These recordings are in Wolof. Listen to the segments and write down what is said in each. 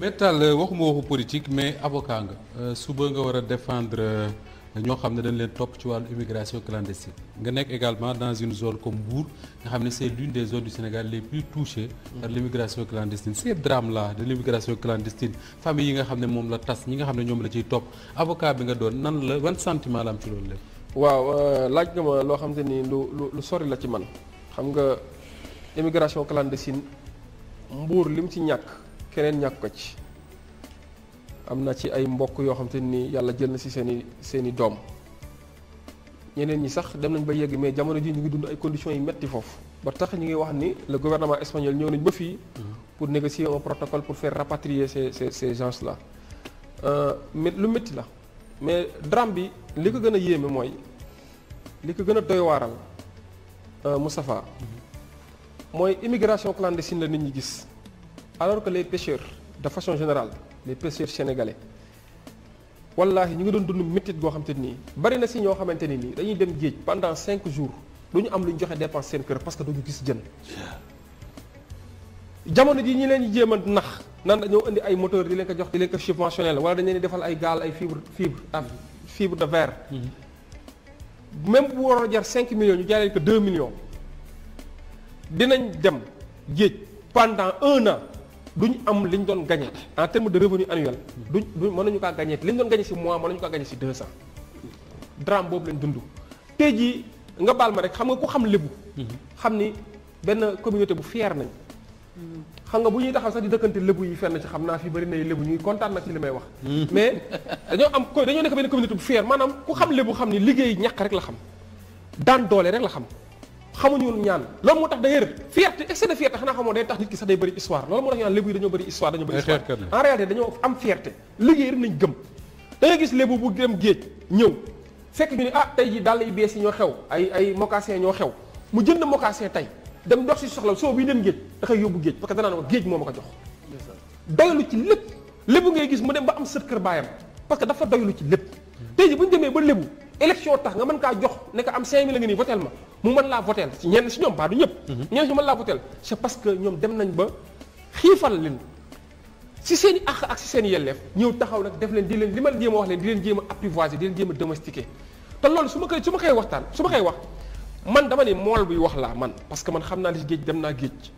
mais Tall euh, waxuma waxu politique mais avocat nga euh, suba nga wara défendre euh, ño xamné dañ leen top ci wal immigration clandestine nga nek également dans une zone comme Mbour nga xamné l'une des zones du Sénégal les plus touchées par l'immigration clandestine ces drames là de l'immigration clandestine famille yi nga xamné mom la tas ñi nga xamné ñom la ci avocat bi nga doon nan la ban sentiment la am ci loolu lépp waaw laaj nga ma loo xam ni lu lu sori la ci man xam nga immigration clandestine Mbour lim ci keneen ñàkk ko ci am na ci ay mbokk yoo xam te ni yàlla jël na si seen i seen i doom ñeneen ñi sax dem nañ ba yegg mais jamono ji ñu ngi dund ay conditions yu metti foofu ba tax ñu ngi wax ni le gouvernement espagnol ñëw nañ ba fii pour négocier un protocole pour faire rapatrier ces ces ces gens là euh, mais lu métti la mais drame bi li ko gën a yéeme mooy li ko gën a doy waaral euh, Moustapha mooy immigration clandestine la nit ñi gis alors que les pêcheurs de façon générale les pêcheurs sénégalais wallahi ñu ngi doon dund pendant cinq jours nous am parce que duñu gis jën jamono ji ñi leen jéem nax nan ay moteur di fibre fibre ah, fibre de verre mm-hmm. même bu waroon millions ñu ko 2 millions dinañ dem pendant un an duñ am liñ doon gagné en terme de revenu annuel duñ duñ mënuñu kaa gagné liñ doon gagné si mois mënuñu kaa gagné si deux cent drame boobu lañ dund tey jii nga baal ma rek xam nga ku xam lébu xam ni benn communauté bu feer nañ xam nga bu ñuy taxaw sax di dëkkante lébu yi fenn ci xam naa fi bëri nay lébu ñuy kontaan nag ci li may wax mais dañoo am ko dañoo nekk benn communauté bu fier maanaam ku xam lébu xam ni liggéey ñàkk rek la xam daan doole rek la xam xamuñu woon ñaan loolu moo tax d'ailleurs fierté excès de fierté xanaa xamoo day tax nit ki sax day bëri histoire loolu moo tax ñu naan yi dañoo bëri histoire dañoo bëri histoire en réalité dañoo am fierté liggéey rek nañ gëm da gis lébu bu dem géej ñëw fekk ñu ne ah tey ji dàll yi bees yi ñoo xew ay ay mocassin ñoo xew mu jënd mocassin tey dem dox si soxla soo bii dem géej da koy yóbbu géej parce que danaan ko géej moo ma ko gis mu dem ba am sët kër baayam parce que dafa doylu ci lépp tey ji bu ñu demee ba lébu élection tax nga mën kaa jox ne am 5000 la nga nii votel mu mën laa votel ñenn si ñoom baa du ñëpp mhm. ñenn si mën laa votel c'est parce que ñoom dem nañ ba xiifal leen si seen i ak si seen i yelleef ñëw taxaw nag def leen di leen li ma jéem wax leen di leen jéem a apprivoiser di leen jéema a domestiquer te loolu su ma koy su ma koy waxtaan su ma koy wax man dama ne mool buy wax laa man parce que man xam naa li si géej dem naa géej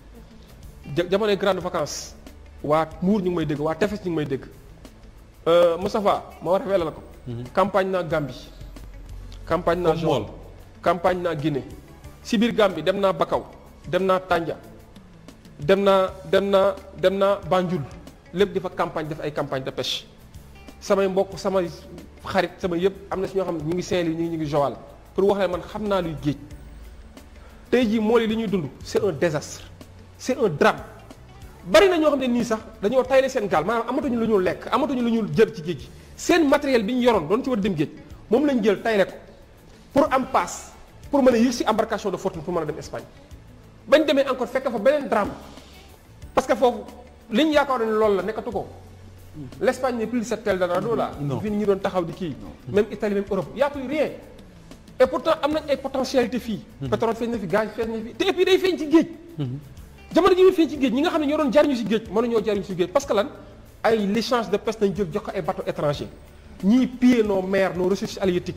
jamonoy grande vacances waa Mbour ñu ngi may dégg waa Tefes ñu ngi may dégg euh, Moustapha ma war a la ko mhm. campagne naa campagne naa mool campagne naa Guinée si biir Gambie dem naa Bakaw dem naa Tànja dem naa dem naa dem naa Banjul lépp di fa campagne def ay campagne de pêche samay mbokk samay xarit sama yëpp am na si ñoo xam ne ñu ngi Saint-Louis ñu ngi ñu pour wax leen man xam naa luy géej tey jii mool yi li ñuy dund c'est un désastre c'est un drame bari ñoo xam ne nii sax dañoo tayle seen gaal maanaam amatuñu lu ñu lekk amatuñu lu ñu jël ci géej gi seen matériel bi ñu yoroon doon ci war d géej moom lañ jël tayle pour am paas pour mën a yéeg si embarcation de fortune pour mën a dem Espagne bañ demee encore fekk fa beneen drame parce que foofu li ñu yaakaaroon ne loolu la nekkatu ko. l' Espagne n'est plus cette Eldorado là. non fi ñu doon taxaw di kii. même Italie même Europe y a plus rien. et pourtant am nañ ay potentialité fii. Hmm. pétrole feeñ na fi gaz feeñ na fi te et puis day feeñ ci géej. Hmm. jamono ji muy feeñ ci géej ñi nga xam ne ñoo doon jariñu si géej mënuñoo jariñu si géej parce que lan ay l' échange de personnes nañ jël jox ko ay bateaux étrangers ñiy piller nos mers nos ressources halieutiques.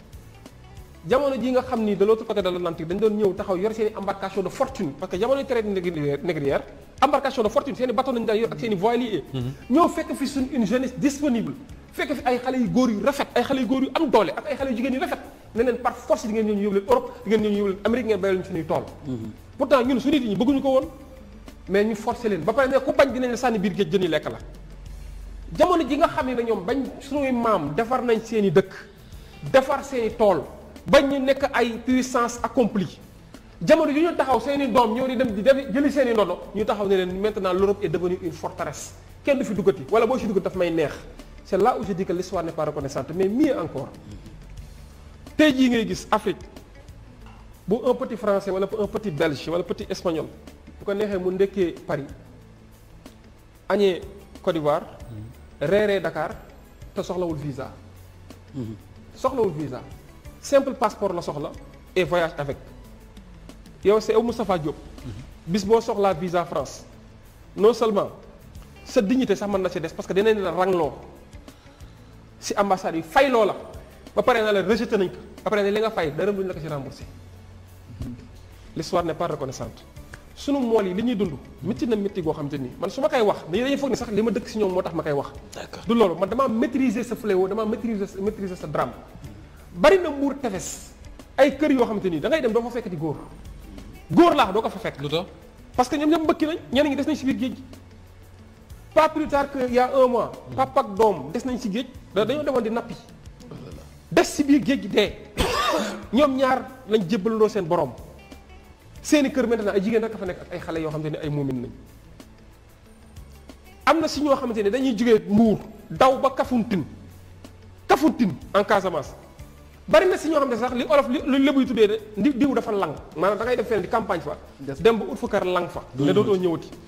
jamono ji nga xam ni de l'autre côté de l'Atlantique dañ doon ñëw taxaw yor seen i embarcation de fortune parce que jamono traite négrière embarcation de fortune seen i bateau nañu daan yor ak seen voilier mhm. ñëw fekk fi suñ une jeunesse disponible fekk fi ay xale yu góor yu rafet ay xale yu góor yu am doole ak ay xale yu jigéen yu rafet ne leen par force di ngeen ñëw ñu yóbbu leen Europe di ñëw ñu yóbbu leen Amérique ngeen béyoon suñuy tool mhm. ko woon mais ñu leen ba pare ne ku bañ dinañ la sànni biir ji nga xam ne na bañ suñuy maam defar nañ seen i dëkk defar seen i tool bañ ñu nekk ay puissance accomplie jamono yu ñu taxaw seen doom ñëw di dem di jëli seen i ndono ñu taxaw ne leen maintenant l'Europe est devenue une forteresse kenn du fi duggati wala boo ci duggati daf may neex c'est là où je dis que l'histoire n'est pas reconnaissante mais mieux encore tey jii ngay gis Afrique bu un petit français wala un petit belge wala petit espagnol bu ko neexee mu ndekkee Paris añee Côte d'Ivoire mm-hmm. reeree Dakar te soxlawul visa mm-hmm. soxlawul visa simple passeport la soxla et voyage avec yow c'est au Moustapha Diop bis bo soxla visa France non seulement sa dignité sax man na ci dess parce que dinañ la rangloo si ambassade yi fay lola ba paré na la rejeter nañ ko après li nga fay dara buñ la ko ci rembourser l'histoire n'est pas reconnaissante sunu mool yi li ñuy dund métti na metti goo xam te man su ma koy wax dañuy foog ni sax li ma dëkk si ñoom moo tax ma koy wax. d'accord du loolu man dama maîtriser sa fléau dama maîtriser sa maîtriser sa drame. bari na mbuur tefes ay kër yoo xamante da ngay dem doo fa fekk di góor góor laax doo ko fa fekk. lu tax parce que ñoom ñoom mbëkki nañ ñenn ñi des nañ si biir géej pas plus tard que il y a un mois. papa ak doom des nañ si géej dañoo demoon di nappi. des si biir géej dee ñoom ñaar lañ jébbalandoo seen borom seeni kër maintenant ay jigéen rek fa nekk ak ay xale yoo xamante ay mumin nañ am na si ñoo xamante ne dañuy jógee mbuur daw ba kafuntin kafuntin en Casamance. bari na si ñoo xam ne sax li olof lu lébuy tuddee de ndi diw dafa lang maanaam da ngay def feneen di campagne fa dem ba ut fa kar lang fa mm-hmm.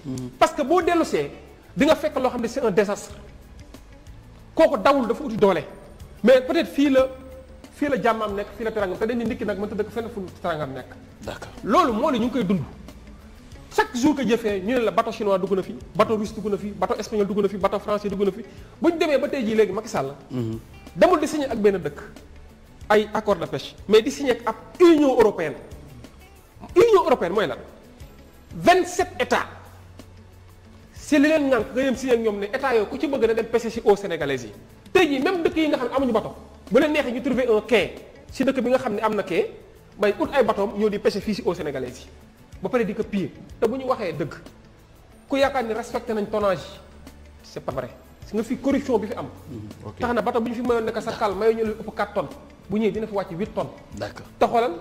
mm-hmm. boo dellu see nga fekk loo xam ne c'est un désastre kooku dawul uti doole mais peut-être fii la fii la jàmmam nekk fii la terangam nag mënta dëkk fenn fu terangam nekk d'accord loolu moo ne ñu koy dund chaque jour que jëfee ñu ne la bateau chinois dugg fi bateau russe dugg na fi bateau espagnol dugg na fi bateau français dugg na fi bu ba tey jii léegi Macky Sall mm-hmm. demul di signé ak benn dëkk ay accord de pêche mais di signé ak ab union européenne union européenne mooy lan vingt sept états si li leen ñànk nga yem signé ñoom ne état yooyu ku ci bëgg na dem pêche si eaux sénégalaises yi tey jii même dëkk yi nga xam ne amuñu bato bu leen neexee ñu trouver un quai si dëkk bi nga xam ne am na quai bay ut ay batoom ñëw di pêche fii si eaux sénégalaises yi ba pare di ko piller te bu ñu waxee dëgg ku yaakaar ni respecte nañ tonnage yi c'est pas si nga fi corruption bi fi am mm-hmm. tax na bato fi mayoon ne ka sa bu ñëwee dina fa wàcc 8 tonnes. d'accord accord taxawal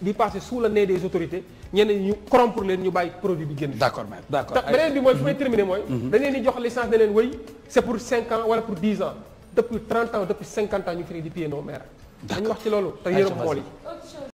di passé sous le nez des autorités ñenn ñu corrompre leen ñu bàyyi produit bi génn. d' accord ta beneen bi mooy fu mm-hmm. terminer mooy. Mm-hmm. dañ di jox licence ne leen c'est pour 5 ans wala pour 10 ans depuis 30 ans depuis 50 ans ñu fi di piyee noo meer. d' accord dañuy wax ci loolu te yéen a ko